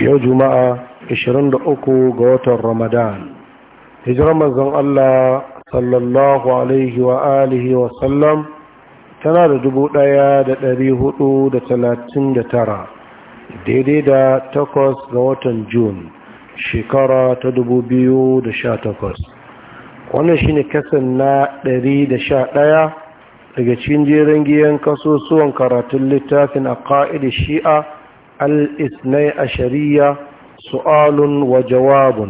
yau juma'a 23 ga watan ramadan hijirar manzon Allah sallallahu alaihi wa alihi wa sallam tana da tara, daidai da takwas ga watan Jun shekara ta dubu biyu da sha takwas. wannan shine kasan na ɗaya daga cikin jerin giyan kasusuwan karatun littafin a ka'idar shi'a الاثني عشرية سؤال وجواب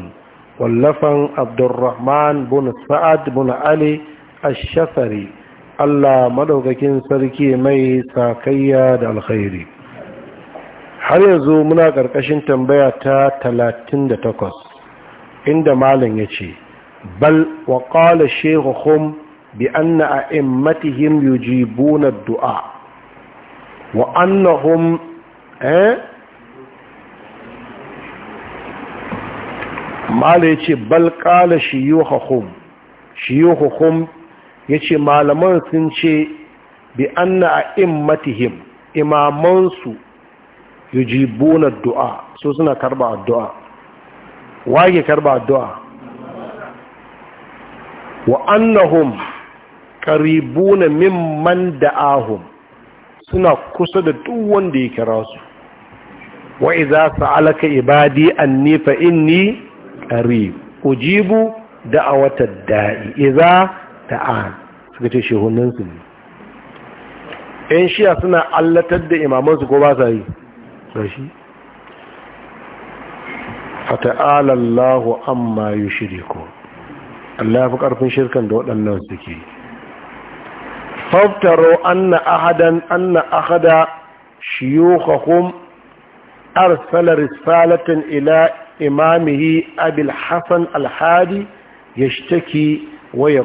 واللفن عبد الرحمن بن سعد بن علي الشفري الله sarki سركي مي ساكيا الخيري har yanzu muna ƙarƙashin tambaya ta takwas, inda malam ya ce bal wa ƙala shekuhun bi anna a immatihim yujibuna du'a wa hum. eh mala ya ce balƙala shiyuhahum shiyuhahum ya ce malaman sun ce bi anna a immatihim imamansu yujibuna du'a so suna karba addu'a wage karba addu'a wa annahum qaribuna mimman da'ahum suna kusa da duk wanda ya kira su wa idza sa'alaka ibadi anni fa inni qarib ujibu da'awata da'i Iza ta'an suka ce shehunan su ne ɗan shiya suna allatar da imaman su ko ba sa yi gashi fata'ala Allahu amma yushriku Allah fi karfin shirkan da waɗannan suke faftaro anna ahadan anna ahada shiyukhahum arsala risalatan ila imamihi abil hasan alhadi ya shtaki waya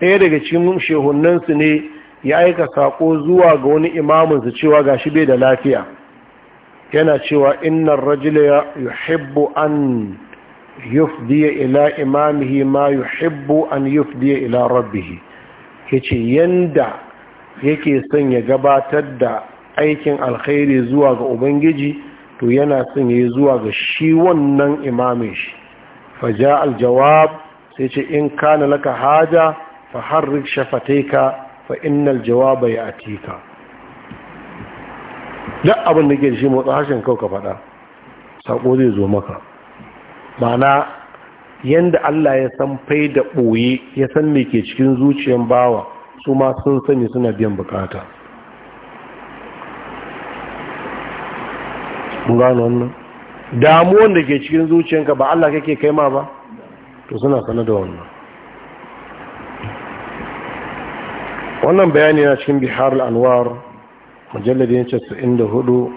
ɗaya daga cikin shehunansu ne ya aika saƙo zuwa ga wani imaminsu cewa ga shi bai da lafiya yana cewa innan rajula ya yuhibbu an yufdiya ila imamihi ma yuhibbu an yufdiya ila rabbihi yace yanda yake son ya gabatar da aikin alkhairi zuwa ga ubangiji to yana son yi zuwa ga shi wannan imamin shi faja aljawab sai ce in kana laka haja fa harrik shafataika fa innal jawaba ya'tika duk abin da ke shi motsa harshen kau ka faɗa sako zai zo maka mana yanda Allah ya san fai da ɓoye ya san me ke cikin zuciyar bawa su ma sun sani suna biyan bukata kun gano wannan damuwan da ke cikin zuciyanka ba Allah kake kai ma ba to suna sanar da wannan wannan bayani na cikin bihar al'anwar majalladin hudu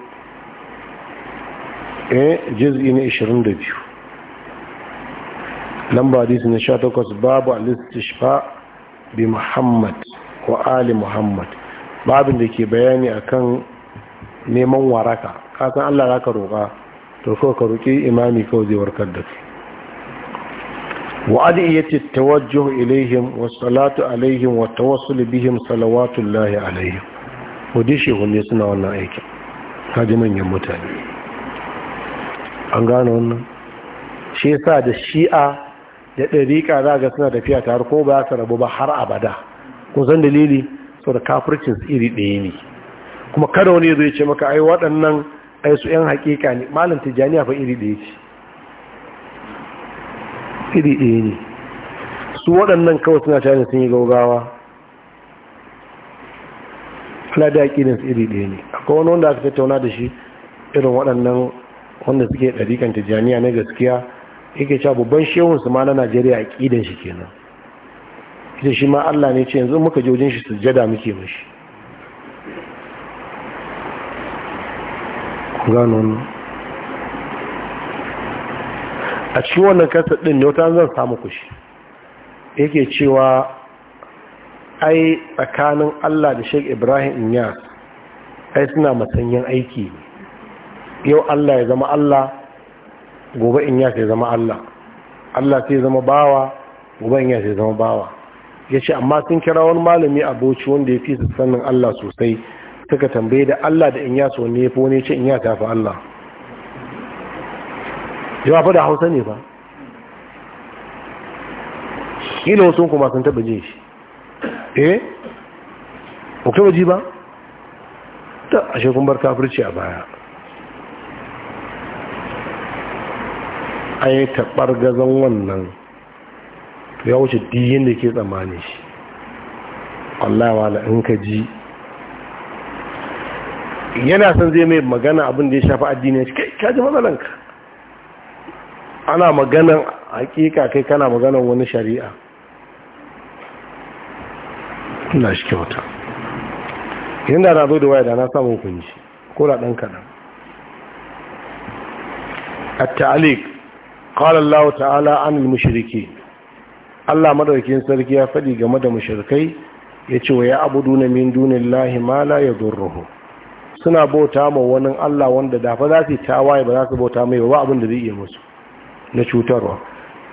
a jizgi ne 22 lamba hadisi na 18 babu al shifa bi muhammad wa ali muhammad babin da ke bayani akan neman waraka ka san Allah za ka roƙa to so ka roƙi imami kawai zai warkar da kai wa adiyyati tawajjuh ilaihim wa salatu alaihim wa tawassul bihim salawatullahi alaihim hudishi hunne suna wannan aikin kaji manyan mutane an gano wannan shi yasa da shi'a da ɗariƙa za ga suna tafiya tare ko ba su rabu ba har abada kun san dalili saboda kafircin iri ɗaya ne kuma kada wani zai ce maka ai waɗannan ai su yan hakika ne malam tijaniya fa iri ɗaya ce iri ɗaya ne su waɗannan kawai suna tare sun yi gaugawa ala da yaƙinin su iri ɗaya ne akwai wani wanda aka tattauna da shi irin waɗannan wanda suke ɗarikan tijaniya na gaskiya yake cewa babban shehun su ma na najeriya a ƙidan shi kenan ita shi ma allah ne ce yanzu muka jojin wajen shi sujjada muke mashi gano a cikin wannan kasar ɗin ne wata zan samu kushi yake cewa ai tsakanin Allah da Sheikh Ibrahim inya ai suna matsayin aiki yau Allah ya zama Allah gobe inya ya zama Allah Allah sai zama bawa gobe inya ya zama bawa ya ce amma sun kira wani malami a bauchi wanda ya fi sassanin sannin Allah sosai suka tambaye da Allah da in ya so ne fo ne ce in ya tafi Allah fa da hausa ne ba ilo sun kuma sun taba jin shi eh ku kuma ji ba ta ashe kun bar kafirci a baya ai taɓar gazan wannan ya wuce diyin da ke tsammani shi Allah wala in ka ji yana son zai mai magana abin da ya shafi addini shi kai kaji matsalanka ana maganan hakika kai kana maganan wani shari'a na shi kyauta yadda na zo da waya da na samun kunji ko da ɗan kaɗan a ta'alik ƙalallahu ta'ala an mushiriki allah madaukin sarki ya faɗi game da mushirikai ya ce wa ya abu dunamin dunin lahi ma la ya zurruhu suna bauta ma wani Allah wanda da fa za su tawaye ba za su bauta mai ba abin da zai iya musu na cutarwa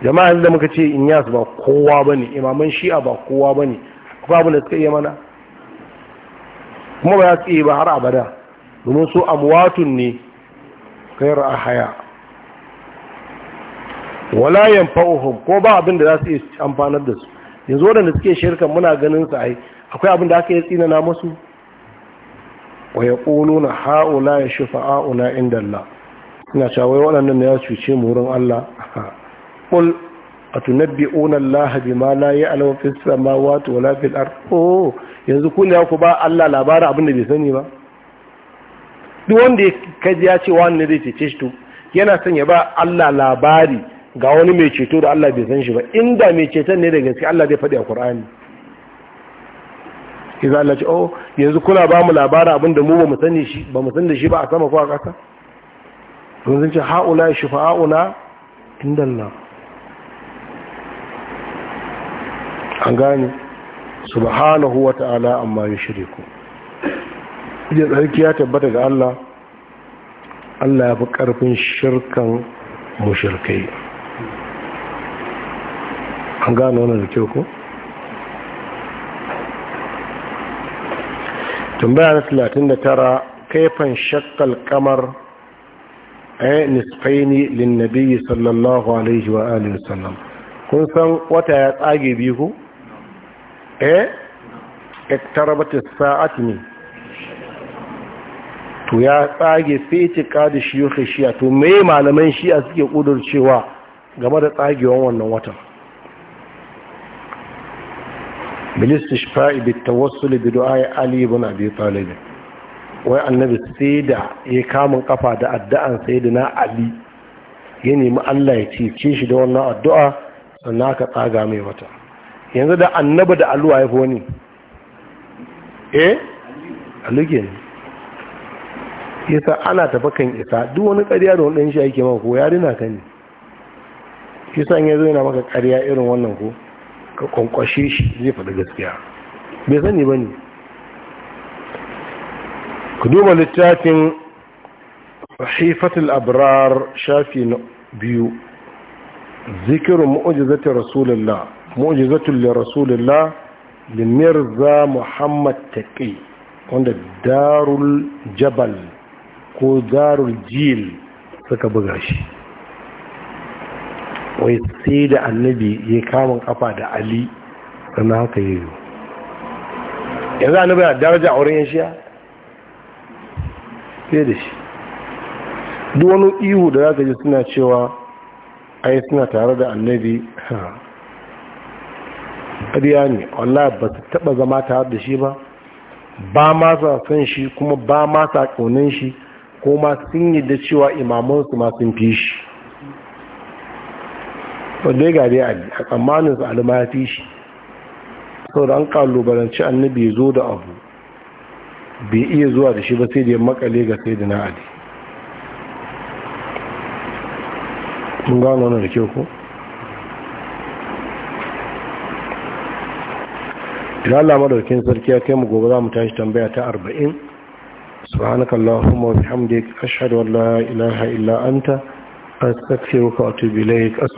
jama'a da muka ce in inyas ba kowa bane imaman shi'a ba kowa bane akwai abin da suka iya mana kuma ba za su iya ba har abada domin su amwatun ne kai a haya wala yanfa'uhum ko ba abin da za su iya amfanar da su yanzu wadanda suke shirka muna ganin su ai akwai abin da aka yi tsinana musu wa ya ƙulu na ha'ula ya shi fa'a'una inda Allah na cawai waɗannan na ya cuce mu wurin Allah ƙul a tunabbi unan lahabi ma la yi ma samawa to lafil ar oh yanzu ku ne ku ba Allah labarin abin da bai sani ba duk wanda ya kaji ya ce wani zai cece shi yana son ya ba Allah labari ga wani mai ceto da Allah bai san shi ba inda mai ceton ne da gaske Allah zai faɗi a Qur'ani Iza Allah ce oh yanzu kula ba mu labarin abinda mu ba mu sani shi ba mu sani da shi ba a sama ko a ƙasa don zan ce haula shifa'una inda Allah an gane subhanahu wa ta'ala amma yushriku ya tsarki ya tabbata ga Allah Allah ya fi ƙarfin shirkan mushirkai an gano wannan da kyau ko tambaya na talatin da tara kaifan shakkal kamar a eh, nisfaini linnabi sallallahu alaihi wa alihi wasallam kun san wata ya tsage biyu ku eh iktarabatis sa'at ne to ya tsage fiti kadi shiyukhi shiya to me malaman shi'a suke kudur cewa game da tsagewan wannan watan bilistishfa'i bittawassul bi du'a ali ibn abi talib wai annabi sai da ya kamun kafa da addu'an sayyidina ali ya nemi Allah ya cece shi da wannan addu'a sannan aka tsaga mai wata yanzu da annabi da alluwa ya fi wani eh aluge ne sa ana tafi kan isa duk wani ƙarya da wani ɗan shi ake mako ya rina ka ne yasa ya zo yana maka ƙarya irin wannan ko ka kwankwashe shi zai faɗi gaskiya bai sani ba ne ku duba littafin rahifatul abrar shafi na biyu zikirin mu'ujizatin rasulullah mu'ujizatin rasulullah da mirza muhammad taƙi wanda darul jabal ko darul jil suka buga shi wai sai da annabi ya kamun kafa da ali sannan haka yi yanzu annabi a daraja a wurin yashiya? fiye da shi duk wani ihu da za ka ji suna cewa ai suna tare da annabi ƙariya ne Allah ba su taɓa zama tare da shi ba ba ma sa san shi kuma ba ma sa ƙaunin shi ko ma sun yi da cewa imamansu ma sun fi shi wanda ya gari ali a tsammanin su alima ya fi shi sau da an kalubalanci annabi zo da abu bai iya zuwa da shi ba sai da ya makale ga sai da na ali mun gano wani da kyau ko idan madaukin sarki ya kai mu gobe za mu tashi tambaya ta arba'in subhanaka allahumma wa bihamdik ashhadu an la an ta anta astaghfiruka wa